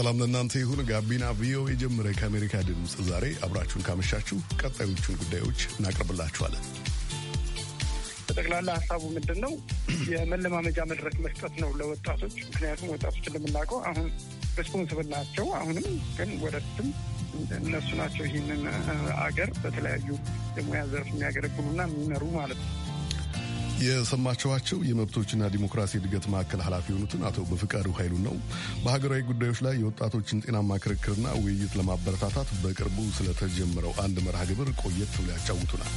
ሰላም ለእናንተ ይሁን። ጋቢና ቪኦኤ ጀምረ ከአሜሪካ ድምፅ። ዛሬ አብራችሁን ካመሻችሁ ቀጣዮቹን ጉዳዮች እናቀርብላችኋለን። በጠቅላላ ሀሳቡ ምንድን ነው? የመለማመጃ መድረክ መስጠት ነው ለወጣቶች። ምክንያቱም ወጣቶች እንደምናውቀው አሁን ሬስፖንስብል ናቸው። አሁንም ግን ወደፊትም እነሱ ናቸው ይህንን አገር በተለያዩ የሙያ ዘርፍ የሚያገለግሉና የሚመሩ ማለት ነው። የሰማችኋቸው የመብቶችና ዲሞክራሲ እድገት ማዕከል ኃላፊ የሆኑትን አቶ በፍቃዱ ኃይሉን ነው። በሀገራዊ ጉዳዮች ላይ የወጣቶችን ጤናማ ክርክርና ውይይት ለማበረታታት በቅርቡ ስለተጀመረው አንድ መርሃ ግብር ቆየት ብሎ ያጫውቱናል።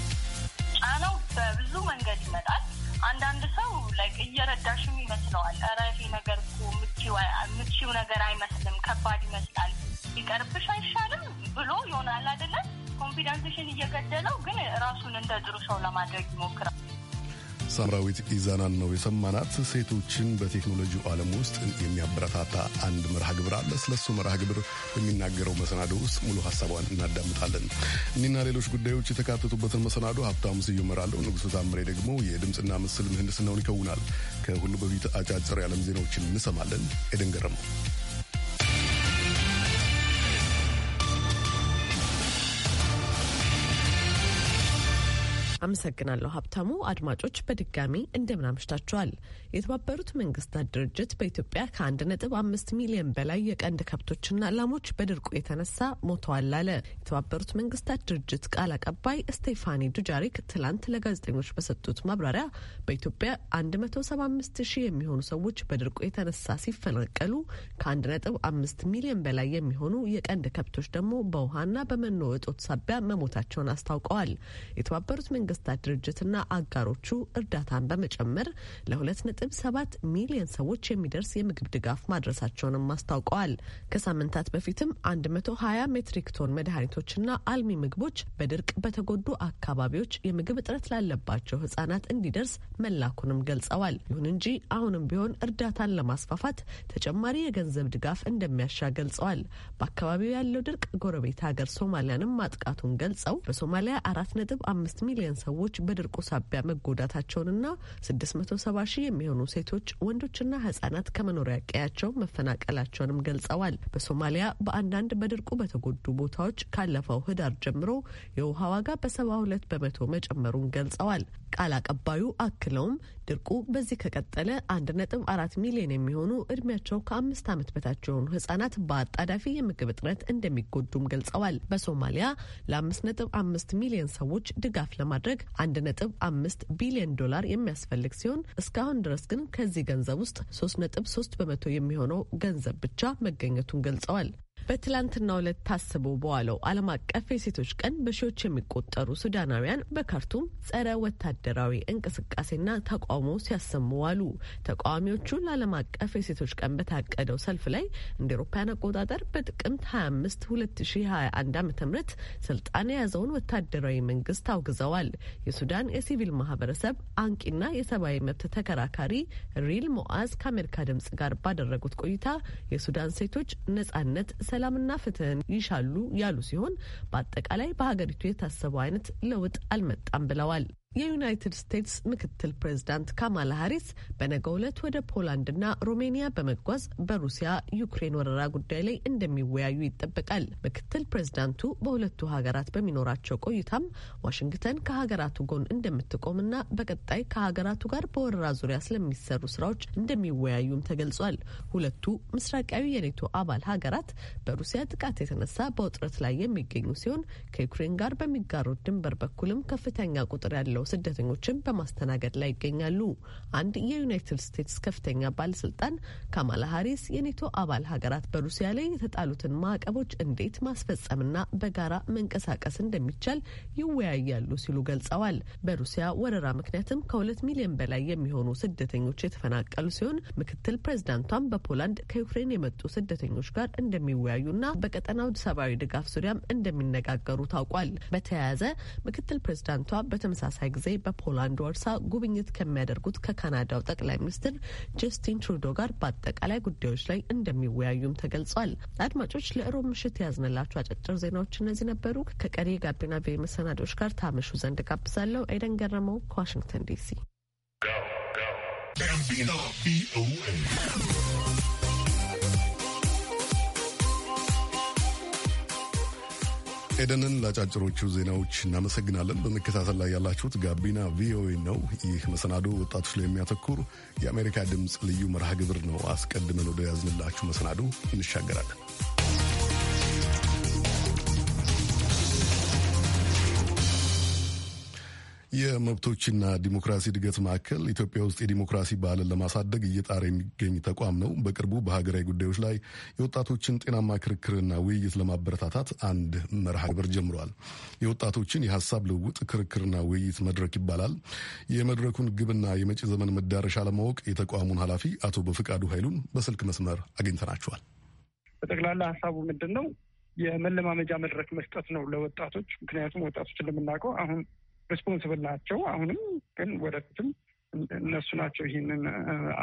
ጫናው በብዙ መንገድ ይመጣል። አንዳንድ ሰው እየረዳሽም ይመስለዋል። ኧረ ይሄ ነገር እኮ ምቺው ነገር አይመስልም፣ ከባድ ይመስላል፣ ሊቀርብሽ አይሻልም ብሎ ይሆናል አይደለም ኮንፊደንስሽን እየገደለው ግን ራሱን እንደ ጥሩ ሰው ለማድረግ ይሞክራል። ሳምራዊት ኢዛናን ነው የሰማናት። ሴቶችን በቴክኖሎጂ ዓለም ውስጥ የሚያበረታታ አንድ መርሃ ግብር አለ። ስለሱ መርሃ ግብር በሚናገረው መሰናዶ ውስጥ ሙሉ ሀሳቧን እናዳምጣለን። እኒና ሌሎች ጉዳዮች የተካተቱበትን መሰናዶ ሀብታሙ ስዩም እመራለሁ። ንጉሱ ታምሬ ደግሞ የድምፅና ምስል ምህንድስናውን ይከውናል። ከሁሉ በፊት አጫጭር የዓለም ዜናዎችን እንሰማለን። ኤደን ገረመው አመሰግናለሁ ሀብታሙ። አድማጮች በድጋሚ እንደምን አምሽታችኋል። የተባበሩት መንግስታት ድርጅት በኢትዮጵያ ከአንድ ነጥብ አምስት ሚሊዮን በላይ የቀንድ ከብቶችና ላሞች በድርቁ የተነሳ ሞተዋል አለ። የተባበሩት መንግስታት ድርጅት ቃል አቀባይ ስቴፋኒ ዱጃሪክ ትላንት ለጋዜጠኞች በሰጡት ማብራሪያ በኢትዮጵያ 175 ሺህ የሚሆኑ ሰዎች በድርቁ የተነሳ ሲፈናቀሉ ከአንድ ነጥብ አምስት ሚሊዮን በላይ የሚሆኑ የቀንድ ከብቶች ደግሞ በውሃና በመኖ እጦት ሳቢያ መሞታቸውን አስታውቀዋል። የተባበሩት መንግስት መንግስታት ድርጅትና አጋሮቹ እርዳታን በመጨመር ለ2.7 ሚሊዮን ሰዎች የሚደርስ የምግብ ድጋፍ ማድረሳቸውንም አስታውቀዋል። ከሳምንታት በፊትም 120 ሜትሪክ ቶን መድኃኒቶችና አልሚ ምግቦች በድርቅ በተጎዱ አካባቢዎች የምግብ እጥረት ላለባቸው ህጻናት እንዲደርስ መላኩንም ገልጸዋል። ይሁን እንጂ አሁንም ቢሆን እርዳታን ለማስፋፋት ተጨማሪ የገንዘብ ድጋፍ እንደሚያሻ ገልጸዋል። በአካባቢው ያለው ድርቅ ጎረቤት ሀገር ሶማሊያንም ማጥቃቱን ገልጸው በሶማሊያ አራት ነጥብ አምስት ሚሊዮን ሰዎች በድርቁ ሳቢያ መጎዳታቸውንና 670 ሺህ የሚሆኑ ሴቶች ወንዶችና ህጻናት ከመኖሪያ ቀያቸው መፈናቀላቸውንም ገልጸዋል። በሶማሊያ በአንዳንድ በድርቁ በተጎዱ ቦታዎች ካለፈው ህዳር ጀምሮ የውሃ ዋጋ በ72 በመቶ መጨመሩን ገልጸዋል። ቃል አቀባዩ አክለውም ድርቁ በዚህ ከቀጠለ 1.4 ሚሊዮን የሚሆኑ እድሜያቸው ከአምስት ዓመት በታች የሆኑ ህጻናት በአጣዳፊ የምግብ እጥረት እንደሚጎዱም ገልጸዋል። በሶማሊያ ለ5.5 ሚሊዮን ሰዎች ድጋፍ ለማድረግ ለማድረግ አንድ ነጥብ አምስት ቢሊዮን ዶላር የሚያስፈልግ ሲሆን እስካሁን ድረስ ግን ከዚህ ገንዘብ ውስጥ ሶስት ነጥብ ሶስት በመቶ የሚሆነው ገንዘብ ብቻ መገኘቱን ገልጸዋል። በትላንትና ዕለት ታስቦ በዋለው ዓለም አቀፍ የሴቶች ቀን በሺዎች የሚቆጠሩ ሱዳናውያን በካርቱም ጸረ ወታደራዊ እንቅስቃሴና ተቃውሞ ሲያሰሙ ዋሉ። ተቃዋሚዎቹ ለዓለም አቀፍ የሴቶች ቀን በታቀደው ሰልፍ ላይ እንደ ኤሮፓያን አቆጣጠር በጥቅምት 25 2021 ዓ ም ስልጣን የያዘውን ወታደራዊ መንግስት አውግዘዋል። የሱዳን የሲቪል ማህበረሰብ አንቂና የሰብአዊ መብት ተከራካሪ ሪል ሞአዝ ከአሜሪካ ድምጽ ጋር ባደረጉት ቆይታ የሱዳን ሴቶች ነጻነት ሰላምና ፍትህን ይሻሉ ያሉ ሲሆን በአጠቃላይ በሀገሪቱ የታሰበው አይነት ለውጥ አልመጣም ብለዋል። የዩናይትድ ስቴትስ ምክትል ፕሬዚዳንት ካማላ ሀሪስ በነገ ዕለት ወደ ፖላንድና ሩሜኒያ በመጓዝ በሩሲያ ዩክሬን ወረራ ጉዳይ ላይ እንደሚወያዩ ይጠበቃል። ምክትል ፕሬዚዳንቱ በሁለቱ ሀገራት በሚኖራቸው ቆይታም ዋሽንግተን ከሀገራቱ ጎን እንደምትቆምና በቀጣይ ከሀገራቱ ጋር በወረራ ዙሪያ ስለሚሰሩ ስራዎች እንደሚወያዩም ተገልጿል። ሁለቱ ምስራቃዊ የኔቶ አባል ሀገራት በሩሲያ ጥቃት የተነሳ በውጥረት ላይ የሚገኙ ሲሆን ከዩክሬን ጋር በሚጋሩት ድንበር በኩልም ከፍተኛ ቁጥር ያለው ያላቸው ስደተኞችን በማስተናገድ ላይ ይገኛሉ። አንድ የዩናይትድ ስቴትስ ከፍተኛ ባለስልጣን ካማላ ሀሪስ የኔቶ አባል ሀገራት በሩሲያ ላይ የተጣሉትን ማዕቀቦች እንዴት ማስፈጸምና በጋራ መንቀሳቀስ እንደሚቻል ይወያያሉ ሲሉ ገልጸዋል። በሩሲያ ወረራ ምክንያትም ከሁለት ሚሊዮን በላይ የሚሆኑ ስደተኞች የተፈናቀሉ ሲሆን ምክትል ፕሬዚዳንቷም በፖላንድ ከዩክሬን የመጡ ስደተኞች ጋር እንደሚወያዩና በቀጠናው ሰብአዊ ድጋፍ ዙሪያም እንደሚነጋገሩ ታውቋል። በተያያዘ ምክትል ፕሬዚዳንቷ በተመሳሳይ ጊዜ በፖላንድ ወርሳ ጉብኝት ከሚያደርጉት ከካናዳው ጠቅላይ ሚኒስትር ጀስቲን ትሩዶ ጋር በአጠቃላይ ጉዳዮች ላይ እንደሚወያዩም ተገልጿል። አድማጮች ለእሮብ ምሽት የያዝንላቸው አጫጭር ዜናዎች እነዚህ ነበሩ። ከቀሪ የጋቢና ቪ መሰናዶች ጋር ታመሹ ዘንድ ጋብዛለሁ። አይደን ገረመው ከዋሽንግተን ዲሲ ኤደንን ለአጫጭሮቹ ዜናዎች እናመሰግናለን። በመከታተል ላይ ያላችሁት ጋቢና ቪኦኤ ነው። ይህ መሰናዶ ወጣቶች ላይ የሚያተኩር የአሜሪካ ድምፅ ልዩ መርሃ ግብር ነው። አስቀድመን ወደ ያዝንላችሁ መሰናዶ እንሻገራለን። የመብቶችና ዲሞክራሲ እድገት ማዕከል ኢትዮጵያ ውስጥ የዲሞክራሲ ባህልን ለማሳደግ እየጣረ የሚገኝ ተቋም ነው። በቅርቡ በሀገራዊ ጉዳዮች ላይ የወጣቶችን ጤናማ ክርክርና ውይይት ለማበረታታት አንድ መርሃ ግብር ጀምሯል። የወጣቶችን የሀሳብ ልውውጥ ክርክርና ውይይት መድረክ ይባላል። የመድረኩን ግብና የመጪ ዘመን መዳረሻ ለማወቅ የተቋሙን ኃላፊ አቶ በፍቃዱ ኃይሉን በስልክ መስመር አግኝተናቸዋል። በጠቅላላ ሀሳቡ ምንድን ነው? የመለማመጃ መድረክ መስጠት ነው ለወጣቶች። ምክንያቱም ወጣቶችን ለምናውቀው አሁን ሪስፖንስብል ናቸው። አሁንም ግን ወደፊትም እነሱ ናቸው ይህንን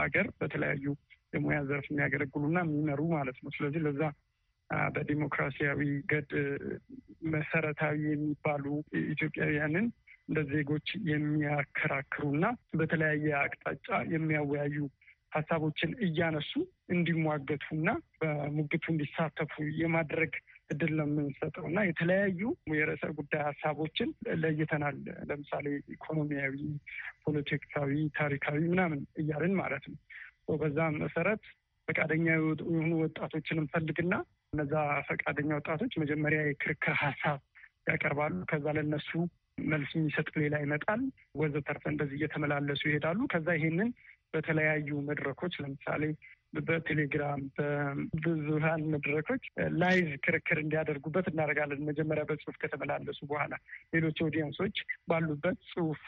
አገር በተለያዩ የሙያ ዘርፍ የሚያገለግሉና የሚመሩ ማለት ነው። ስለዚህ ለዛ በዲሞክራሲያዊ ገድ መሰረታዊ የሚባሉ ኢትዮጵያውያንን እንደ ዜጎች የሚያከራክሩና በተለያየ አቅጣጫ የሚያወያዩ ሀሳቦችን እያነሱ እንዲሟገቱና በሙግቱ እንዲሳተፉ የማድረግ እድል ነው የምንሰጠው እና የተለያዩ የርዕሰ ጉዳይ ሀሳቦችን ለይተናል። ለምሳሌ ኢኮኖሚያዊ፣ ፖለቲካዊ፣ ታሪካዊ ምናምን እያልን ማለት ነው። በዛ መሰረት ፈቃደኛ የሆኑ ወጣቶችን እንፈልግና እነዛ ፈቃደኛ ወጣቶች መጀመሪያ የክርክር ሀሳብ ያቀርባሉ። ከዛ ለነሱ መልስ የሚሰጥ ሌላ ይመጣል፣ ወዘተርፈ እንደዚህ እየተመላለሱ ይሄዳሉ። ከዛ ይሄንን በተለያዩ መድረኮች ለምሳሌ በቴሌግራም በብዙሃን መድረኮች ላይቭ ክርክር እንዲያደርጉበት እናደርጋለን። መጀመሪያ በጽሁፍ ከተመላለሱ በኋላ ሌሎች ኦዲየንሶች ባሉበት ጽሁፍ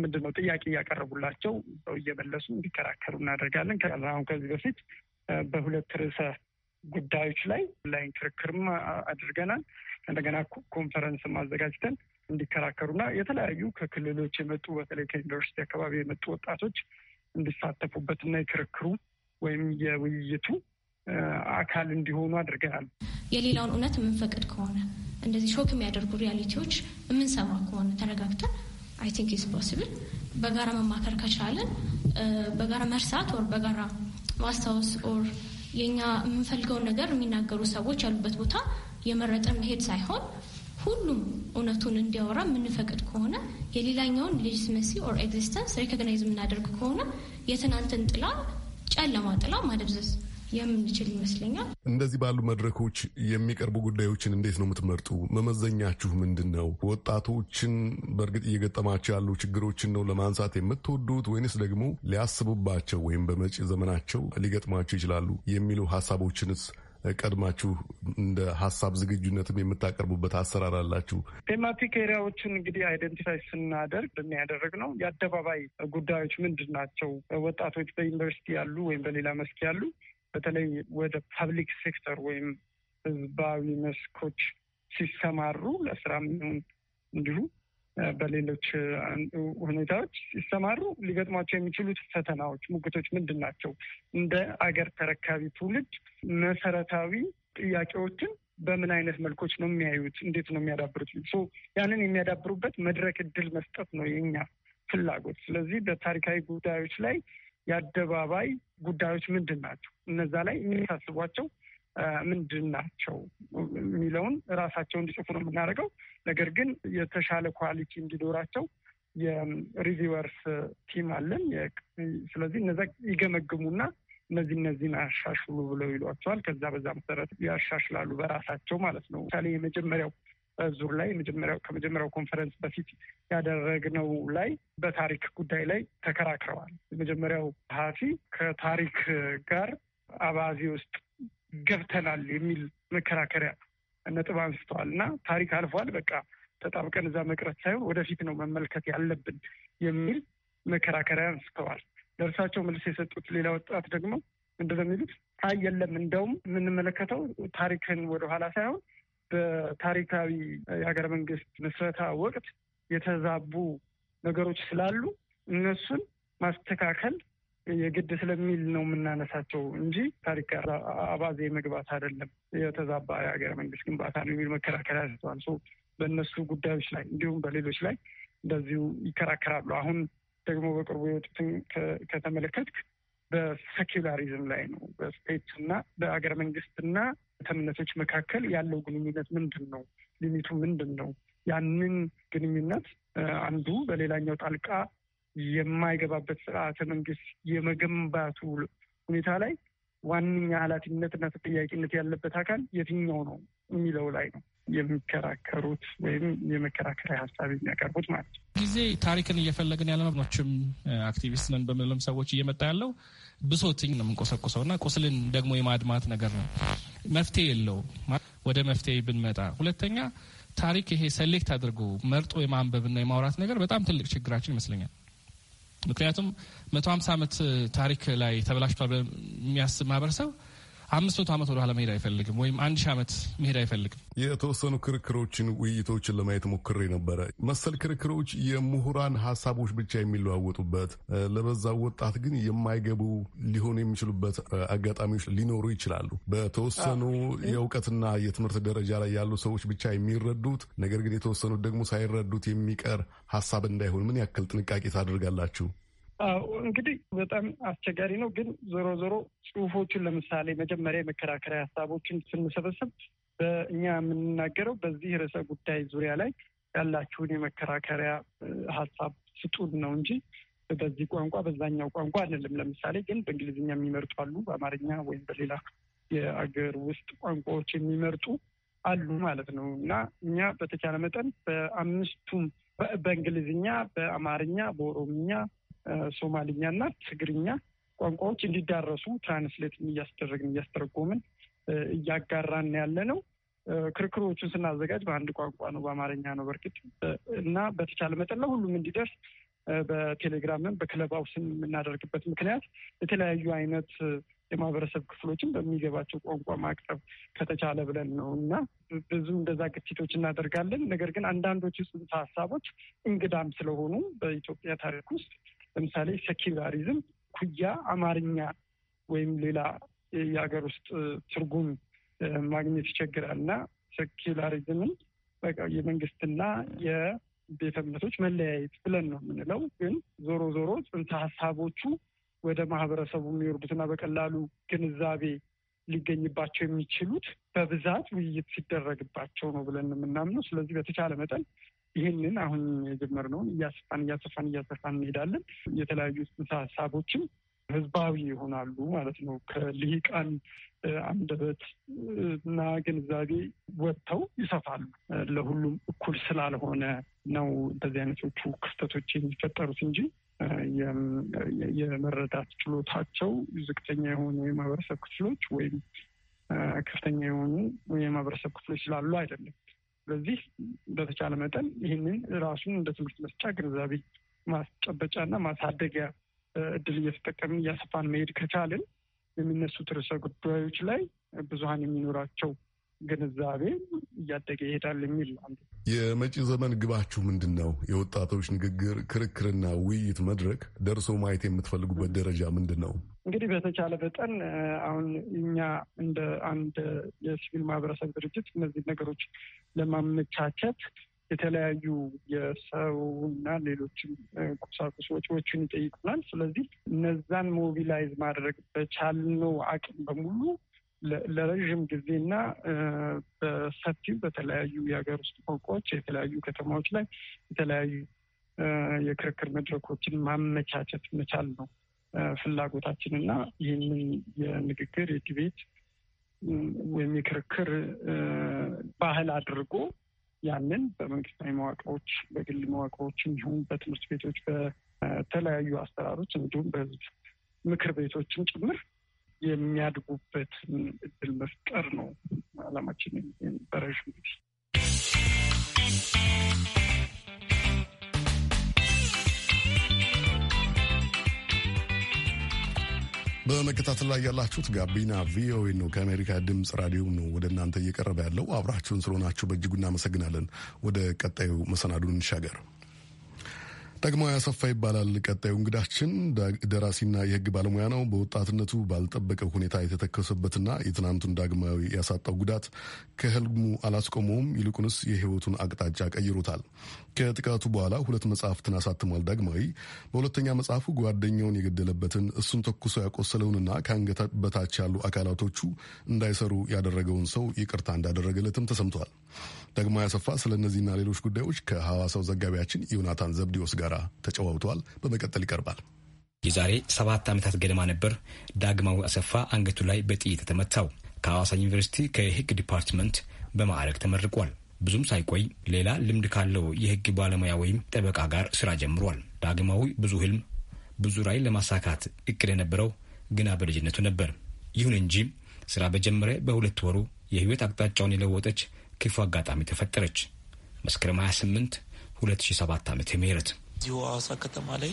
ምንድን ነው ጥያቄ እያቀረቡላቸው ሰው እየመለሱ እንዲከራከሩ እናደርጋለን። አሁን ከዚህ በፊት በሁለት ርዕሰ ጉዳዮች ላይ ላይን ክርክርም አድርገናል። እንደገና ኮንፈረንስም አዘጋጅተን እንዲከራከሩና የተለያዩ ከክልሎች የመጡ በተለይ ከዩኒቨርሲቲ አካባቢ የመጡ ወጣቶች እንዲሳተፉበት የክርክሩ ወይም የውይይቱ አካል እንዲሆኑ አድርገናል። የሌላውን እውነት የምንፈቅድ ከሆነ እንደዚህ ሾክ የሚያደርጉ ሪያሊቲዎች የምንሰማ ከሆነ ተረጋግተን አይ ቲንክ ኢዝ ፖስብል በጋራ መማከር ከቻለን በጋራ መርሳት ኦር በጋራ ማስታወስ ኦር የኛ የምንፈልገውን ነገር የሚናገሩ ሰዎች ያሉበት ቦታ የመረጠን መሄድ ሳይሆን ሁሉም እውነቱን እንዲያወራ የምንፈቅድ ከሆነ የሌላኛውን ሌጅስመሲ ኦር ኤግዚስተንስ ሪኮግናይዝ የምናደርግ ከሆነ የትናንትን ጥላ ጨለማ ጥላ ማደብዘዝ የምንችል ይመስለኛል። እንደዚህ ባሉ መድረኮች የሚቀርቡ ጉዳዮችን እንዴት ነው የምትመርጡ? መመዘኛችሁ ምንድን ነው? ወጣቶችን በእርግጥ እየገጠማቸው ያሉ ችግሮችን ነው ለማንሳት የምትወዱት ወይንስ ደግሞ ሊያስቡባቸው ወይም በመጪ ዘመናቸው ሊገጥማቸው ይችላሉ የሚሉ ሀሳቦችንስ ቀድማችሁ እንደ ሀሳብ ዝግጁነትም የምታቀርቡበት አሰራር አላችሁ። ቴማቲክ ኤሪያዎችን እንግዲህ አይደንቲፋይ ስናደርግ የሚያደረግ ነው የአደባባይ ጉዳዮች ምንድን ናቸው? ወጣቶች በዩኒቨርሲቲ ያሉ ወይም በሌላ መስክ ያሉ በተለይ ወደ ፐብሊክ ሴክተር ወይም ህዝባዊ መስኮች ሲሰማሩ ለስራም የሚሆን እንዲሁ በሌሎች ሁኔታዎች ሲሰማሩ ሊገጥሟቸው የሚችሉት ፈተናዎች፣ ሙግቶች ምንድን ናቸው? እንደ አገር ተረካቢ ትውልድ መሰረታዊ ጥያቄዎችን በምን አይነት መልኮች ነው የሚያዩት? እንዴት ነው የሚያዳብሩት? ያንን የሚያዳብሩበት መድረክ እድል መስጠት ነው የኛ ፍላጎት። ስለዚህ በታሪካዊ ጉዳዮች ላይ የአደባባይ ጉዳዮች ምንድን ናቸው? እነዛ ላይ የሚሳስቧቸው ምንድን ናቸው የሚለውን ራሳቸው እንዲጽፉ ነው የምናደርገው። ነገር ግን የተሻለ ኳሊቲ እንዲኖራቸው የሪቪወርስ ቲም አለን። ስለዚህ እነዛ ይገመግሙና እነዚህ እነዚህን አሻሽሉ ብለው ይሏቸዋል። ከዛ በዛ መሰረት ያሻሽላሉ በራሳቸው ማለት ነው። ምሳሌ የመጀመሪያው ዙር ላይ ከመጀመሪያው ኮንፈረንስ በፊት ያደረግነው ላይ በታሪክ ጉዳይ ላይ ተከራክረዋል። የመጀመሪያው ጸሐፊ ከታሪክ ጋር አባዜ ውስጥ ገብተናል የሚል መከራከሪያ ነጥብ አንስተዋል እና ታሪክ አልፏል፣ በቃ ተጣብቀን እዛ መቅረት ሳይሆን ወደፊት ነው መመልከት ያለብን የሚል መከራከሪያ አንስተዋል። ለእርሳቸው መልስ የሰጡት ሌላ ወጣት ደግሞ ምንድነው የሚሉት? አይ የለም፣ እንደውም የምንመለከተው ታሪክን ወደኋላ ሳይሆን በታሪካዊ የሀገር መንግስት ምስረታ ወቅት የተዛቡ ነገሮች ስላሉ እነሱን ማስተካከል የግድ ስለሚል ነው የምናነሳቸው እንጂ ታሪክ አባዜ መግባት አይደለም። የተዛባ የሀገረ መንግስት ግንባታ ነው የሚል መከራከሪያ ሰጥተዋል። በእነሱ ጉዳዮች ላይ እንዲሁም በሌሎች ላይ እንደዚሁ ይከራከራሉ። አሁን ደግሞ በቅርቡ የወጡትን ከተመለከትክ በሴኪላሪዝም ላይ ነው። በስቴት እና በሀገረ መንግስትና እምነቶች መካከል ያለው ግንኙነት ምንድን ነው? ሊሚቱ ምንድን ነው? ያንን ግንኙነት አንዱ በሌላኛው ጣልቃ የማይገባበት ስርዓተ መንግስት የመገንባቱ ሁኔታ ላይ ዋነኛ ኃላፊነትና ተጠያቂነት ያለበት አካል የትኛው ነው የሚለው ላይ ነው የሚከራከሩት ወይም የመከራከሪያ ሀሳብ የሚያቀርቡት ማለት ነው። ጊዜ ታሪክን እየፈለግን ያለመኖችም አክቲቪስት ነን በምንለም ሰዎች እየመጣ ያለው ብሶትኝ ነው የምንቆሰቁሰው እና ቁስልን ደግሞ የማድማት ነገር ነው። መፍትሄ የለው። ወደ መፍትሄ ብንመጣ ሁለተኛ ታሪክ ይሄ ሰሌክት አድርጎ መርጦ የማንበብና የማውራት ነገር በጣም ትልቅ ችግራችን ይመስለኛል። ምክንያቱም መቶ ሀምሳ ዓመት ታሪክ ላይ ተበላሽቷል የሚያስብ ማህበረሰብ አምስት መቶ ዓመት ወደኋላ መሄድ አይፈልግም ወይም አንድ ሺህ ዓመት መሄድ አይፈልግም። የተወሰኑ ክርክሮችን፣ ውይይቶችን ለማየት ሞክሬ ነበረ። መሰል ክርክሮች የምሁራን ሀሳቦች ብቻ የሚለዋወጡበት ለበዛ ወጣት ግን የማይገቡ ሊሆኑ የሚችሉበት አጋጣሚዎች ሊኖሩ ይችላሉ። በተወሰኑ የእውቀትና የትምህርት ደረጃ ላይ ያሉ ሰዎች ብቻ የሚረዱት ነገር ግን የተወሰኑት ደግሞ ሳይረዱት የሚቀር ሀሳብ እንዳይሆን ምን ያክል ጥንቃቄ ታደርጋላችሁ? እንግዲህ በጣም አስቸጋሪ ነው። ግን ዞሮ ዞሮ ጽሁፎቹን ለምሳሌ መጀመሪያ የመከራከሪያ ሀሳቦችን ስንሰበስብ በእኛ የምንናገረው በዚህ ርዕሰ ጉዳይ ዙሪያ ላይ ያላችሁን የመከራከሪያ ሀሳብ ስጡን ነው እንጂ በዚህ ቋንቋ በዛኛው ቋንቋ አይደለም። ለምሳሌ ግን በእንግሊዝኛ የሚመርጡ አሉ፣ በአማርኛ ወይም በሌላ የአገር ውስጥ ቋንቋዎች የሚመርጡ አሉ ማለት ነው እና እኛ በተቻለ መጠን በአምስቱም በእንግሊዝኛ፣ በአማርኛ፣ በኦሮምኛ ሶማሊኛና ትግርኛ ቋንቋዎች እንዲዳረሱ ትራንስሌትን እያስደረግን እያስተረጎምን እያጋራን ያለ ነው። ክርክሮቹን ስናዘጋጅ በአንድ ቋንቋ ነው፣ በአማርኛ ነው። በእርግጥ እና በተቻለ መጠን ለሁሉም እንዲደርስ በቴሌግራምን በክለብ የምናደርግበት ምክንያት የተለያዩ አይነት የማህበረሰብ ክፍሎችን በሚገባቸው ቋንቋ ማቅረብ ከተቻለ ብለን ነው እና ብዙ እንደዛ ግፊቶች እናደርጋለን። ነገር ግን አንዳንዶቹ ጽንሰ ሀሳቦች እንግዳም ስለሆኑ በኢትዮጵያ ታሪክ ውስጥ ለምሳሌ ሴኪላሪዝም ኩያ አማርኛ ወይም ሌላ የሀገር ውስጥ ትርጉም ማግኘት ይቸግራል እና ሴኪላሪዝምን በቃ የመንግስትና የቤተ እምነቶች መለያየት ብለን ነው የምንለው። ግን ዞሮ ዞሮ ጽንሰ ሀሳቦቹ ወደ ማህበረሰቡ የሚወርዱትና በቀላሉ ግንዛቤ ሊገኝባቸው የሚችሉት በብዛት ውይይት ሲደረግባቸው ነው ብለን የምናምነው። ስለዚህ በተቻለ መጠን ይህንን አሁን የጀመርነውን እያሰፋን እያሰፋን እያሰፋን እንሄዳለን። የተለያዩ ጽንሰ ሀሳቦችም ህዝባዊ ይሆናሉ ማለት ነው። ከልሂቃን አንደበት እና ግንዛቤ ወጥተው ይሰፋሉ። ለሁሉም እኩል ስላልሆነ ነው እንደዚህ አይነቶቹ ክስተቶች የሚፈጠሩት እንጂ የመረዳት ችሎታቸው ዝቅተኛ የሆኑ የማህበረሰብ ክፍሎች ወይም ከፍተኛ የሆኑ የማህበረሰብ ክፍሎች ስላሉ አይደለም። ስለዚህ በተቻለ መጠን ይህንን ራሱን እንደ ትምህርት መስጫ ግንዛቤ ማስጨበጫና ማሳደጊያ እድል እየተጠቀምን እያሰፋን መሄድ ከቻልን የሚነሱት ርዕሰ ጉዳዮች ላይ ብዙሀን የሚኖራቸው ግንዛቤ እያደገ ይሄዳል የሚል አንዱ የመጪ ዘመን ግባችሁ ምንድን ነው? የወጣቶች ንግግር፣ ክርክርና ውይይት መድረክ ደርሶ ማየት የምትፈልጉበት ደረጃ ምንድን ነው? እንግዲህ በተቻለ መጠን አሁን እኛ እንደ አንድ የሲቪል ማህበረሰብ ድርጅት እነዚህ ነገሮች ለማመቻቸት የተለያዩ የሰውና ሌሎችም ቁሳቁስ ወጪዎችን ይጠይቁናል። ስለዚህ እነዛን ሞቢላይዝ ማድረግ በቻልነው አቅም በሙሉ ለረዥም ጊዜና በሰፊው በተለያዩ የሀገር ውስጥ ቋንቋዎች የተለያዩ ከተማዎች ላይ የተለያዩ የክርክር መድረኮችን ማመቻቸት መቻል ነው ፍላጎታችን እና ይህንን የንግግር የዲቤት ወይም የክርክር ባህል አድርጎ ያንን በመንግስታዊ መዋቅሮች፣ በግል መዋቅሮች እንዲሁም በትምህርት ቤቶች፣ በተለያዩ አሰራሮች እንዲሁም በህዝብ ምክር ቤቶችን ጭምር የሚያድጉበት እድል መፍጠር ነው አላማችን የነበረሽ በመከታተል ላይ ያላችሁት ጋቢና ቪኦኤ ነው። ከአሜሪካ ድምፅ ራዲዮ ነው ወደ እናንተ እየቀረበ ያለው። አብራችሁን ስለሆናችሁ በእጅጉ እናመሰግናለን። ወደ ቀጣዩ መሰናዱን እንሻገር። ዳግማዊ አሰፋ ይባላል። ቀጣዩ እንግዳችን ደራሲና የህግ ባለሙያ ነው። በወጣትነቱ ባልጠበቀ ሁኔታ የተተከሰበትና የትናንቱን ዳግማዊ ያሳጣው ጉዳት ከህልሙ አላስቆመውም፣ ይልቁንስ የህይወቱን አቅጣጫ ቀይሮታል። ከጥቃቱ በኋላ ሁለት መጽሐፍትን አሳትሟል። ዳግማዊ በሁለተኛ መጽሐፉ ጓደኛውን የገደለበትን እሱን ተኩሶ ያቆሰለውንና ከአንገት በታች ያሉ አካላቶቹ እንዳይሰሩ ያደረገውን ሰው ይቅርታ እንዳደረገለትም ተሰምቷል። ዳግማዊ አሰፋ ስለ እነዚህና ሌሎች ጉዳዮች ከሐዋሳው ዘጋቢያችን ዮናታን ዘብዲዎስ ጋር ጋር ተጨዋውተዋል። በመቀጠል ይቀርባል። የዛሬ ሰባት ዓመታት ገደማ ነበር ዳግማዊ አሰፋ አንገቱ ላይ በጥይት ተመታው ከሐዋሳ ዩኒቨርሲቲ ከሕግ ዲፓርትመንት በማዕረግ ተመርቋል። ብዙም ሳይቆይ ሌላ ልምድ ካለው የሕግ ባለሙያ ወይም ጠበቃ ጋር ስራ ጀምሯል። ዳግማዊ ብዙ ህልም፣ ብዙ ራዕይ ለማሳካት እቅድ የነበረው ግና በልጅነቱ ነበር። ይሁን እንጂ ስራ በጀመረ በሁለት ወሩ የህይወት አቅጣጫውን የለወጠች ክፉ አጋጣሚ ተፈጠረች። መስከረም 28 2007 ዓ.ም እዚሁ ሀዋሳ ከተማ ላይ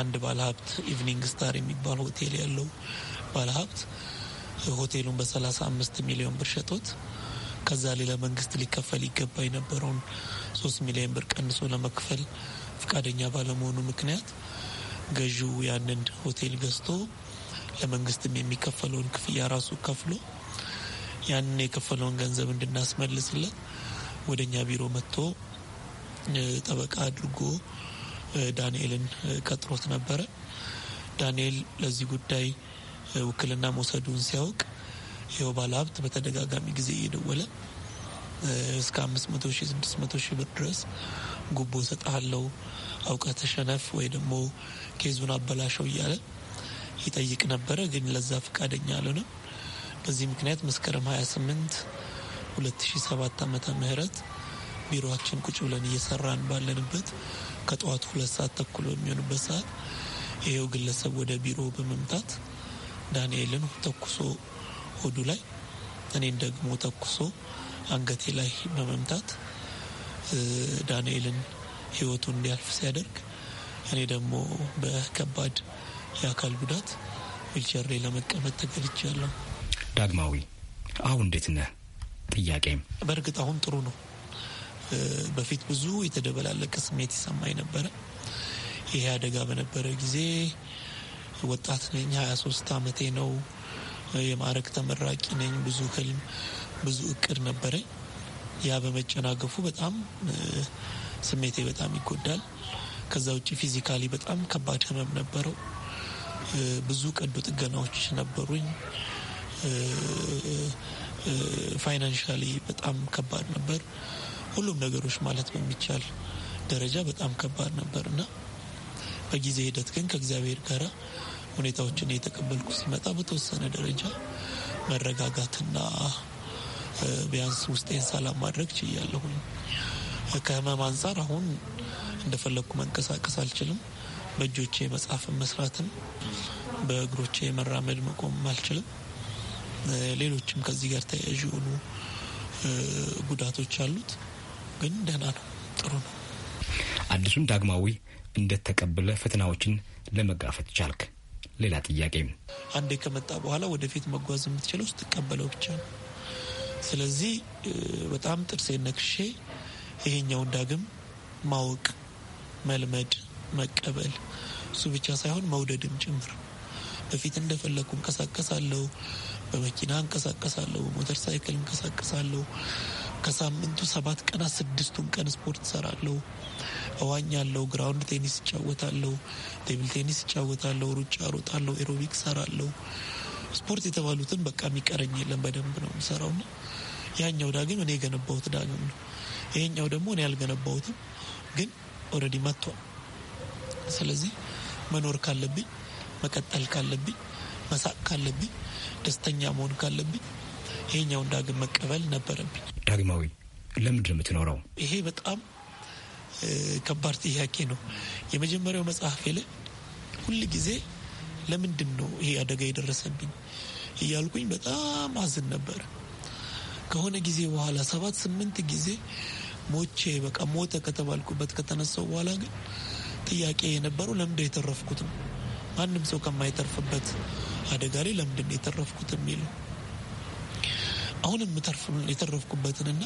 አንድ ባለሀብት ኢቭኒንግ ስታር የሚባል ሆቴል ያለው ባለሀብት ሆቴሉን በሰላሳ አምስት ሚሊዮን ብር ሸጦት ከዛ ሌላ መንግስት ሊከፈል ይገባ የነበረውን ሶስት ሚሊዮን ብር ቀንሶ ለመክፈል ፈቃደኛ ባለመሆኑ ምክንያት ገዢው ያንን ሆቴል ገዝቶ ለመንግስትም የሚከፈለውን ክፍያ ራሱ ከፍሎ ያንን የከፈለውን ገንዘብ እንድናስመልስለት ወደ እኛ ቢሮ መጥቶ ጠበቃ አድርጎ ዳንኤልን ቀጥሮት ነበረ። ዳንኤል ለዚህ ጉዳይ ውክልና መውሰዱን ሲያውቅ ይኸው ባለ ሀብት በተደጋጋሚ ጊዜ እየደወለ እስከ አምስት መቶ ሺ ስድስት መቶ ብር ድረስ ጉቦ ሰጠሃለው፣ አውቀ ተሸነፍ ወይ ደግሞ ኬዙን አበላሸው እያለ ይጠይቅ ነበረ። ግን ለዛ ፈቃደኛ አልሆነም። በዚህ ምክንያት መስከረም 28 2007 ዓመተ ምህረት ቢሮችን ቁጭ ብለን እየሰራን ባለንበት ከጠዋቱ ሁለት ሰዓት ተኩል በሚሆንበት ሰዓት ይሄው ግለሰብ ወደ ቢሮ በመምታት ዳንኤልን ተኩሶ ሆዱ ላይ እኔን ደግሞ ተኩሶ አንገቴ ላይ በመምታት ዳንኤልን ህይወቱ እንዲያልፍ ሲያደርግ እኔ ደግሞ በከባድ የአካል ጉዳት ዊልቸር ላይ ለመቀመጥ ተገልቻለሁ። ዳግማዊ አሁን እንዴት ነህ? ጥያቄም በእርግጥ አሁን ጥሩ ነው። በፊት ብዙ የተደበላለቀ ስሜት ይሰማኝ ነበረ። ይሄ አደጋ በነበረ ጊዜ ወጣት ነኝ፣ 23 ዓመቴ ነው። የማዕረግ ተመራቂ ነኝ። ብዙ ህልም፣ ብዙ እቅድ ነበረኝ። ያ በመጨናገፉ በጣም ስሜቴ በጣም ይጎዳል። ከዛ ውጭ ፊዚካሊ በጣም ከባድ ህመም ነበረው። ብዙ ቀዶ ጥገናዎች ነበሩኝ። ፋይናንሻሊ በጣም ከባድ ነበር። ሁሉም ነገሮች ማለት በሚቻል ደረጃ በጣም ከባድ ነበር እና በጊዜ ሂደት ግን ከእግዚአብሔር ጋር ሁኔታዎችን እየተቀበልኩ ሲመጣ በተወሰነ ደረጃ መረጋጋትና ቢያንስ ውስጤን ሰላም ማድረግ ችያለሁኝ። ከህመም አንጻር አሁን እንደፈለግኩ መንቀሳቀስ አልችልም። በእጆቼ መጻፍን መስራትን፣ በእግሮቼ መራመድ መቆም አልችልም። ሌሎችም ከዚህ ጋር ተያያዥ የሆኑ ጉዳቶች አሉት። ግን ደህና ነው፣ ጥሩ ነው። አዲሱን ዳግማዊ እንዴት ተቀብለ ፈተናዎችን ለመጋፈት ቻልክ? ሌላ ጥያቄ። አንዴ ከመጣ በኋላ ወደፊት መጓዝ የምትችለው ስትቀበለው ብቻ ነው። ስለዚህ በጣም ጥርሴ ነክሼ ይሄኛውን ዳግም ማወቅ፣ መልመድ፣ መቀበል እሱ ብቻ ሳይሆን መውደድም ጭምር። በፊት እንደፈለግኩ እንቀሳቀሳለሁ፣ በመኪና እንቀሳቀሳለሁ፣ በሞተር ሳይክል እንቀሳቀሳለሁ፣ ከሳምንቱ ሰባት ቀናት ስድስቱን ቀን ስፖርት እሰራለሁ፣ እዋኛለሁ፣ ግራውንድ ቴኒስ እጫወታለሁ፣ ቴብል ቴኒስ እጫወታለሁ፣ ሩጫ ሮጣለሁ፣ ኤሮቢክ እሰራለሁ። ስፖርት የተባሉትን በቃ የሚቀረኝ የለም በደንብ ነው የምሰራውና ያኛው ዳግም እኔ የገነባሁት ዳግም ነው። ይሄኛው ደግሞ እኔ ያልገነባሁትም ግን ኦልሬዲ መጥቷል። ስለዚህ መኖር ካለብኝ መቀጠል ካለብኝ መሳቅ ካለብኝ ደስተኛ መሆን ካለብኝ ይሄኛውን ዳግም መቀበል ነበረብኝ። ዳግማዊ ለምንድን ነው የምትኖረው? ይሄ በጣም ከባድ ጥያቄ ነው። የመጀመሪያው መጽሐፍ ላይ ሁል ጊዜ ለምንድን ነው ይሄ አደጋ የደረሰብኝ እያልኩኝ በጣም አዝን ነበር። ከሆነ ጊዜ በኋላ ሰባት ስምንት ጊዜ ሞቼ በቃ ሞተ ከተባልኩበት ከተነሳው በኋላ ግን ጥያቄ የነበረው ለምንድን የተረፍኩት ነው። ማንም ሰው ከማይተርፍበት አደጋ ላይ ለምንድን የተረፍኩት የሚል ነው። አሁንም የተረፍኩበትንና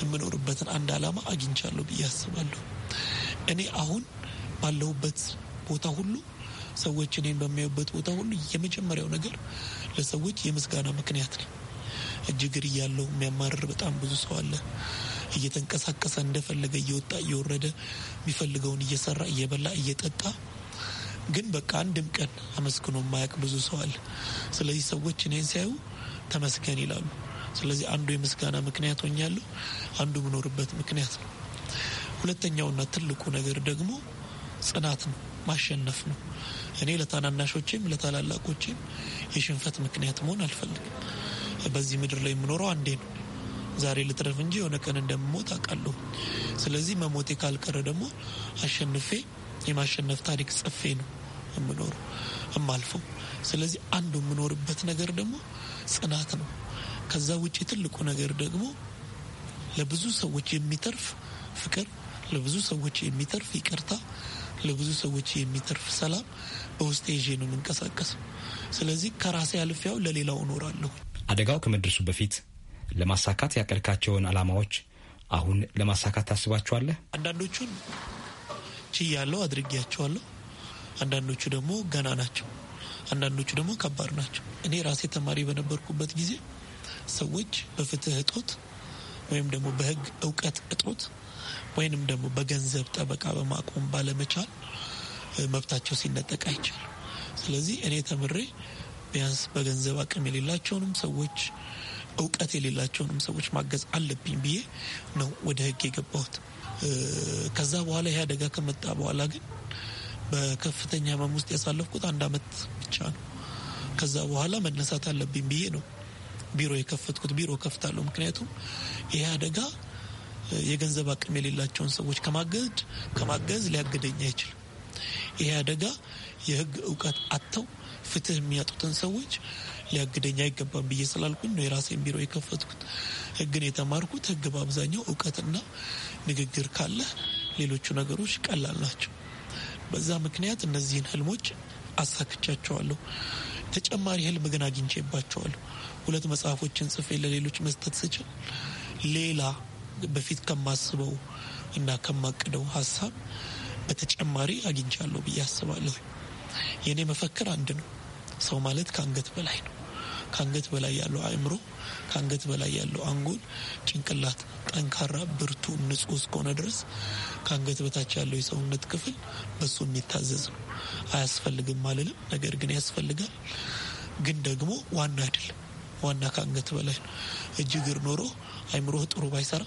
የምኖርበትን አንድ ዓላማ አግኝቻለሁ ብዬ አስባለሁ። እኔ አሁን ባለሁበት ቦታ ሁሉ ሰዎች እኔን በሚያዩበት ቦታ ሁሉ የመጀመሪያው ነገር ለሰዎች የምስጋና ምክንያት ነው። እጅግ እያለው የሚያማርር በጣም ብዙ ሰው አለ። እየተንቀሳቀሰ እንደፈለገ እየወጣ እየወረደ የሚፈልገውን እየሰራ እየበላ እየጠጣ ግን በቃ አንድም ቀን አመስግኖ የማያውቅ ብዙ ሰው አለ። ስለዚህ ሰዎች እኔን ሲያዩ ተመስገን ይላሉ። ስለዚህ አንዱ የምስጋና ምክንያት ሆኛለሁ፣ አንዱ የምኖርበት ምክንያት ነው። ሁለተኛውና ትልቁ ነገር ደግሞ ጽናት ነው፣ ማሸነፍ ነው። እኔ ለታናናሾቼም ለታላላቆቼም የሽንፈት ምክንያት መሆን አልፈልግም። በዚህ ምድር ላይ የምኖረው አንዴ ነው። ዛሬ ልትረፍ እንጂ የሆነ ቀን እንደምሞት አውቃለሁ። ስለዚህ መሞቴ ካልቀረ ደግሞ አሸንፌ የማሸነፍ ታሪክ ጽፌ ነው የምኖረው የማልፈው። ስለዚህ አንዱ የምኖርበት ነገር ደግሞ ጽናት ነው። ከዛ ውጭ ትልቁ ነገር ደግሞ ለብዙ ሰዎች የሚተርፍ ፍቅር፣ ለብዙ ሰዎች የሚተርፍ ይቅርታ፣ ለብዙ ሰዎች የሚተርፍ ሰላም በውስጤ ይዤ ነው የምንቀሳቀሰው። ስለዚህ ከራሴ አልፊያው ለሌላው እኖራለሁ። አደጋው ከመድረሱ በፊት ለማሳካት ያቀድካቸውን አላማዎች አሁን ለማሳካት ታስባቸዋለ አንዳንዶቹን ችያለሁ፣ አድርጌያቸዋለሁ። አንዳንዶቹ ደግሞ ገና ናቸው። አንዳንዶቹ ደግሞ ከባድ ናቸው። እኔ ራሴ ተማሪ በነበርኩበት ጊዜ ሰዎች በፍትህ እጦት ወይም ደግሞ በህግ እውቀት እጦት ወይንም ደግሞ በገንዘብ ጠበቃ በማቆም ባለመቻል መብታቸው ሲነጠቅ አይችል። ስለዚህ እኔ ተምሬ ቢያንስ በገንዘብ አቅም የሌላቸውንም ሰዎች እውቀት የሌላቸውንም ሰዎች ማገዝ አለብኝ ብዬ ነው ወደ ህግ የገባሁት። ከዛ በኋላ ይህ አደጋ ከመጣ በኋላ ግን በከፍተኛ ህመም ውስጥ ያሳለፍኩት አንድ አመት ብቻ ነው። ከዛ በኋላ መነሳት አለብኝ ብዬ ነው ቢሮ የከፈትኩት ቢሮ ከፍታለሁ። ምክንያቱም ይሄ አደጋ የገንዘብ አቅም የሌላቸውን ሰዎች ከማገድ ከማገዝ ሊያገደኝ አይችልም። ይሄ አደጋ የህግ እውቀት አጥተው ፍትህ የሚያጡትን ሰዎች ሊያግደኝ አይገባም ብዬ ስላልኩኝ ነው የራሴን ቢሮ የከፈትኩት። ህግን የተማርኩት ህግ በአብዛኛው እውቀትና ንግግር ካለ ሌሎቹ ነገሮች ቀላል ናቸው። በዛ ምክንያት እነዚህን ህልሞች አሳክቻቸዋለሁ። ተጨማሪ ህልም ግን አግኝቼባቸዋለሁ። ሁለት መጽሐፎችን ጽፌ ለሌሎች መስጠት ስችል ሌላ በፊት ከማስበው እና ከማቅደው ሀሳብ በተጨማሪ አግኝቻለሁ ብዬ አስባለሁ። የእኔ መፈክር አንድ ነው። ሰው ማለት ከአንገት በላይ ነው። ከአንገት በላይ ያለው አእምሮ፣ ከአንገት በላይ ያለው አንጎል፣ ጭንቅላት ጠንካራ፣ ብርቱ፣ ንጹህ እስከሆነ ድረስ ከአንገት በታች ያለው የሰውነት ክፍል በሱ የሚታዘዝ ነው። አያስፈልግም አልልም፣ ነገር ግን ያስፈልጋል። ግን ደግሞ ዋና አይደለም። ዋና ከአንገት በላይ ነው። እጅ እግር ኖሮ አይምሮህ ጥሩ ባይሰራ፣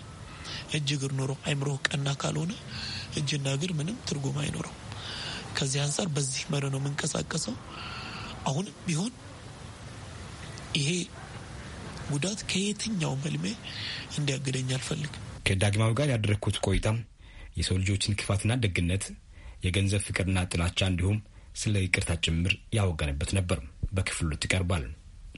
እጅ እግር ኖሮ አይምሮህ ቀና ካልሆነ እጅና እግር ምንም ትርጉም አይኖረው። ከዚህ አንጻር በዚህ መረ ነው የምንቀሳቀሰው። አሁንም ቢሆን ይሄ ጉዳት ከየትኛውም ህልሜ እንዲያግደኝ አልፈልግም። ከዳግማዊ ጋር ያደረግኩት ቆይታ የሰው ልጆችን ክፋትና ደግነት፣ የገንዘብ ፍቅርና ጥላቻ እንዲሁም ስለ ይቅርታ ጭምር ያወጋንበት ነበር። በክፍሉት ይቀርባል።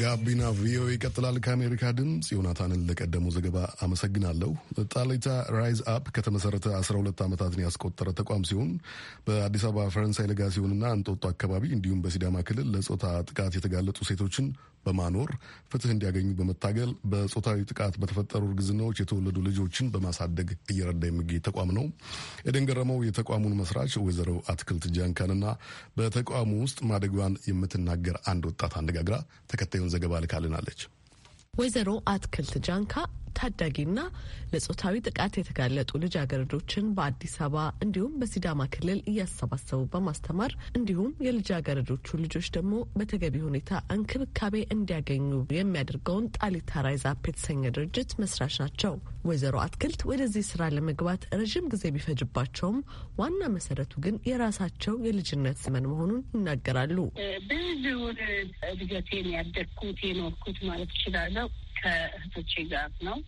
ጋቢና ቪኦኤ ይቀጥላል። ከአሜሪካ ድምፅ ዮናታንን ለቀደመው ዘገባ አመሰግናለሁ። ጣሊታ ራይዝ አፕ ከተመሰረተ 12 ዓመታትን ያስቆጠረ ተቋም ሲሆን በአዲስ አበባ ፈረንሳይ ሲሆንና እንጦጦ አካባቢ እንዲሁም በሲዳማ ክልል ለጾታ ጥቃት የተጋለጡ ሴቶችን በማኖር ፍትህ እንዲያገኙ በመታገል በጾታዊ ጥቃት በተፈጠሩ እርግዝናዎች የተወለዱ ልጆችን በማሳደግ እየረዳ የሚገኝ ተቋም ነው። ኤደን ገረመው የተቋሙን መስራች ወይዘሮ አትክልት ጃንካንና በተቋሙ ውስጥ ማደጓን የምትናገር አንድ ወጣት አነጋግራ ተከታዩ ተከታዩን ዘገባ ልካልናለች። ወይዘሮ አትክልት ጃንካ ታዳጊና ለጾታዊ ጥቃት የተጋለጡ ልጃገረዶችን በአዲስ አበባ እንዲሁም በሲዳማ ክልል እያሰባሰቡ በማስተማር እንዲሁም የልጃገረዶቹ ልጆች ደግሞ በተገቢ ሁኔታ እንክብካቤ እንዲያገኙ የሚያደርገውን ጣሊታ ራይዛፕ የተሰኘ ድርጅት መስራች ናቸው። ወይዘሮ አትክልት ወደዚህ ስራ ለመግባት ረዥም ጊዜ ቢፈጅባቸውም ዋና መሰረቱ ግን የራሳቸው የልጅነት ዘመን መሆኑን ይናገራሉ። ብዙውን እድገቴን ያደግኩት የኖርኩት ማለት እችላለሁ ከእህቶቼ ጋር ነው።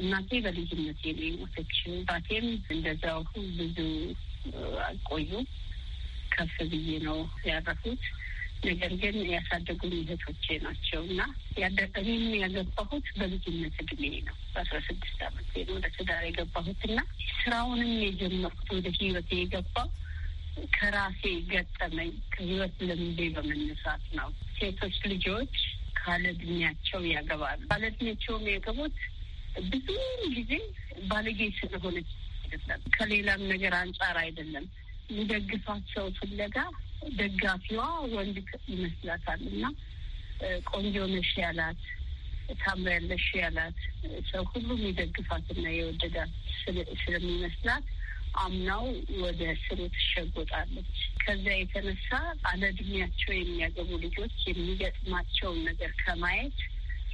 እናቴ በልጅነት የሞተች፣ ባቴም እንደዛው ብዙ አቆዩ ከፍ ብዬ ነው ያረፉት። ነገር ግን ያሳደጉን እህቶቼ ናቸው እና እኔም ያገባሁት በልጅነት እድሜ ነው። በአስራ ስድስት አመት ነው ወደ ትዳር የገባሁት እና ስራውንም የጀመርኩት ወደ ህይወት የገባው ከራሴ ገጠመኝ ከህይወት ልምዴ በመነሳት ነው። ሴቶች ልጆች ካለ እድሜያቸው ያገባሉ። ካለ እድሜያቸውም ያገቡት ብዙ ጊዜ ባለጌ ስለሆነች አይደለም፣ ከሌላም ነገር አንጻር አይደለም። የሚደግፋት ሰው ፍለጋ ደጋፊዋ ወንድ ይመስላታል እና ቆንጆ ነሽ ያላት ያለሽ ያላት ሰው ሁሉ የሚደግፋትና የወደዳት ስለሚመስላት አምናው ወደ ስሩ ትሸጎጣለች። ከዚያ የተነሳ አለዕድሜያቸው የሚያገቡ ልጆች የሚገጥማቸውን ነገር ከማየት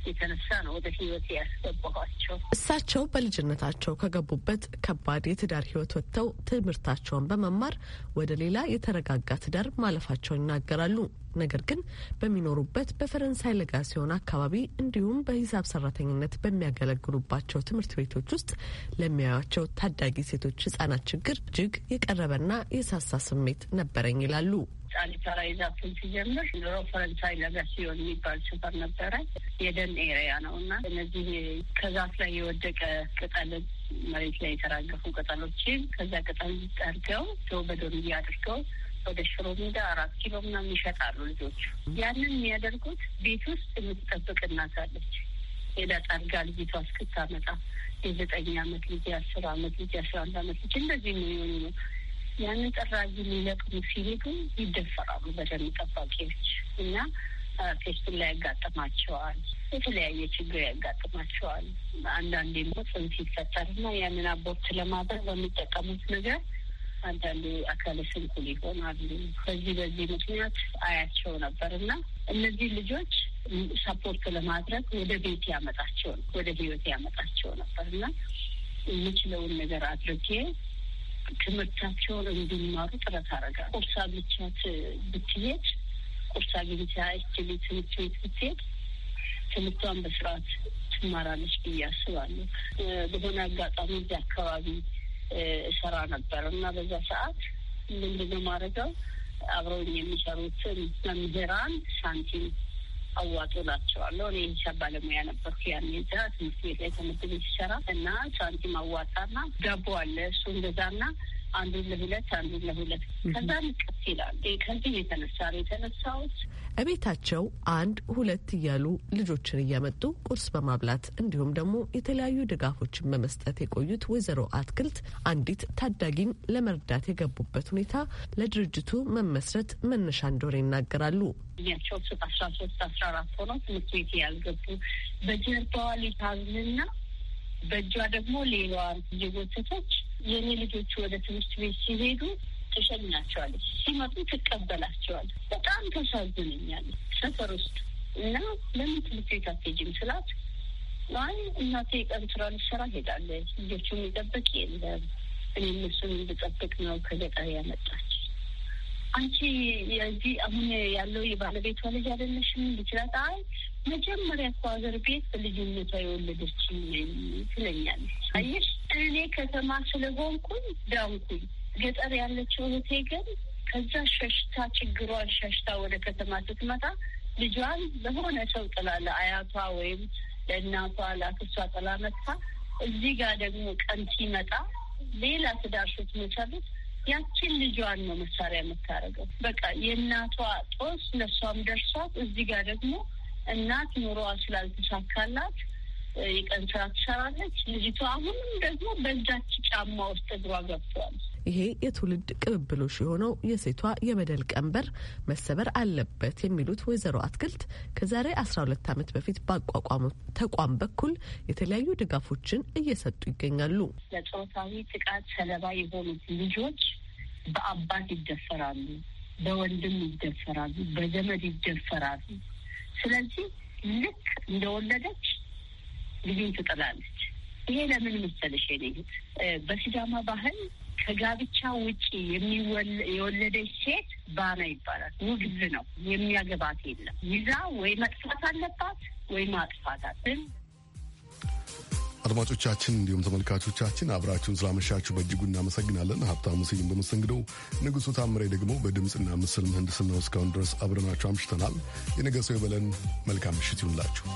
የተነሳ ነው ወደ ህይወት ያስገባኋቸው። እሳቸው በልጅነታቸው ከገቡበት ከባድ የትዳር ህይወት ወጥተው ትምህርታቸውን በመማር ወደ ሌላ የተረጋጋ ትዳር ማለፋቸውን ይናገራሉ። ነገር ግን በሚኖሩበት በፈረንሳይ ሲሆን አካባቢ እንዲሁም በሂሳብ ሰራተኝነት በሚያገለግሉባቸው ትምህርት ቤቶች ውስጥ ለሚያዩቸው ታዳጊ ሴቶች ህጻናት ችግር እጅግ የቀረበና የሳሳ ስሜት ነበረኝ ይላሉ። ጣሊታራ ይዛብን ሲጀምር ኑሮ ፈረንሳይ ለጋሲዮን የሚባል ሰፈር ነበረ። የደን ኤሪያ ነው እና እነዚህ ከዛፍ ላይ የወደቀ ቅጠል መሬት ላይ የተራገፉ ቅጠሎችን ከዛ ቅጠል ጠርገው ሰው በዶንያ አድርገው ወደ ሽሮ ሜዳ አራት ኪሎ ምናምን ይሸጣሉ ልጆቹ። ያንን የሚያደርጉት ቤት ውስጥ የምትጠብቅ እናት አለች። ሌላ ጠርጋ ልጅቷ እስክታመጣ የዘጠኝ አመት ልጅ፣ የአስር አመት ልጅ፣ የአስራ አንድ አመት ልጅ እንደዚህ የሚሆኑ ነው። ያንን ጠራጊ ሊለቅሙ ሲሄዱ ይደፈራሉ በደም ጠባቂዎች እና ላይ ያጋጥማቸዋል። የተለያየ ችግር ያጋጥማቸዋል። አንዳንዴ ጽንስ ይፈጠርና ያንን አቦርት ለማድረግ በሚጠቀሙት ነገር አንዳንዱ አካል ሊሆን አሉ። በዚህ በዚህ ምክንያት አያቸው ነበር እና እነዚህ ልጆች ሰፖርት ለማድረግ ወደ ቤት ያመጣቸው ወደ ህይወት ያመጣቸው ነበር እና የምችለውን ነገር አድርጌ ትምህርታቸውን እንዲማሩ ጥረት አረጋል። ቁርስ አግኝቻት ብትሄድ ቁርስ አግኝቻ እችል ትምህርት ቤት ብትሄድ ትምህርቷን በስርዓት ትማራለች ብዬ አስባለሁ። በሆነ አጋጣሚ እዚህ አካባቢ እሰራ ነበር እና በዛ ሰዓት ምንድነው ማድረገው አብረውኝ የሚሰሩትን መምህራን ሳንቲም አዋጡ አዋጡላቸዋለሁ። እኔ ሂሳብ ባለሙያ ነበርኩ ያኔ እዛ ትምህርት ቤት ላይ ትምህርት ቤት ሲሰራ እና ሳንቲም አዋጣና ዳቦ አለ እሱ እንደዛና አንዱን ለሁለት አንዱን ለሁለት ከዛ ቀስ ይላል። ከዚህ የተነሳ ነው የተነሳሁት። እቤታቸው አንድ ሁለት እያሉ ልጆችን እያመጡ ቁርስ በማብላት እንዲሁም ደግሞ የተለያዩ ድጋፎችን በመስጠት የቆዩት ወይዘሮ አትክልት አንዲት ታዳጊን ለመርዳት የገቡበት ሁኔታ ለድርጅቱ መመስረት መነሻ እንደሆነ ይናገራሉ። እያቸው አስራ ሶስት አስራ አራት ሆነው ትምህርት ቤት ያልገቡ በጀርባዋ ሊታዝንና በእጇ ደግሞ ሌሏ የጎተቶች የእኔ ልጆች ወደ ትምህርት ቤት ሲሄዱ ትሸልናቸዋለች፣ ሲመጡ ትቀበላቸዋለች። በጣም ተሳዝነኛለች ሰፈር ውስጥ እና ለምን ትምህርት ቤት አትሄጂም ስላት አይ እናቴ ቀን ስራ ልትሰራ ሄዳለች፣ ልጆቹን የሚጠብቅ የለም እኔ እነሱን እንድጠብቅ ነው ከገጠር ያመጣች። አንቺ የዚህ አሁን ያለው የባለቤቷ ልጅ አይደለሽም? ልችላት አይ መጀመሪያ እኮ ሀገር ቤት በልጅነቷ የወለደች ትለኛለች። አየሽ እኔ ከተማ ስለሆንኩኝ ዳንኩኝ። ገጠር ያለችው እህቴ ግን ከዛ ሸሽታ ችግሯን ሸሽታ ወደ ከተማ ስትመጣ ልጇን ለሆነ ሰው ጥላ ለአያቷ ወይም ለእናቷ ለአክሷ ጥላ መጥታ እዚህ ጋር ደግሞ ቀን ሲመጣ ሌላ ትዳር ስትመሰርት ያችን ልጇን ነው መሳሪያ የምታደርገው። በቃ የእናቷ ጦስ ለእሷም ደርሷት እዚህ ጋር ደግሞ እናት ኑሮዋ ስላልተሳካላት የቀን ስራ ትሰራለች። ልጅቷ አሁንም ደግሞ በዛች ጫማ ውስጥ እግሯ ገብቷል። ይሄ የትውልድ ቅብብሎሽ የሆነው የሴቷ የበደል ቀንበር መሰበር አለበት የሚሉት ወይዘሮ አትክልት ከዛሬ አስራ ሁለት ዓመት በፊት ባቋቋሙ ተቋም በኩል የተለያዩ ድጋፎችን እየሰጡ ይገኛሉ። ለጾታዊ ጥቃት ሰለባ የሆኑት ልጆች በአባት ይደፈራሉ፣ በወንድም ይደፈራሉ፣ በዘመድ ይደፈራሉ። ስለዚህ ልክ እንደወለደች ልጅን ትጥላለች። ይሄ ለምን መሰለሽ ነት በሲዳማ ባህል ከጋብቻ ውጪ የወለደች ሴት ባና ይባላል። ውግዝ ነው፣ የሚያገባት የለም። ይዛ ወይ መጥፋት አለባት ወይ ማጥፋት አለን። አድማጮቻችን እንዲሁም ተመልካቾቻችን አብራችሁን ስላመሻችሁ በእጅጉ እናመሰግናለን። ሀብታሙ ስዩም በመስተንግዶው፣ ንጉሡ ታምሬ ደግሞ በድምፅና ምስል ምህንድስና እስካሁን ድረስ አብረናችሁ አምሽተናል። የነገ ሰው ይበለን። መልካም ምሽት ይሁንላችሁ።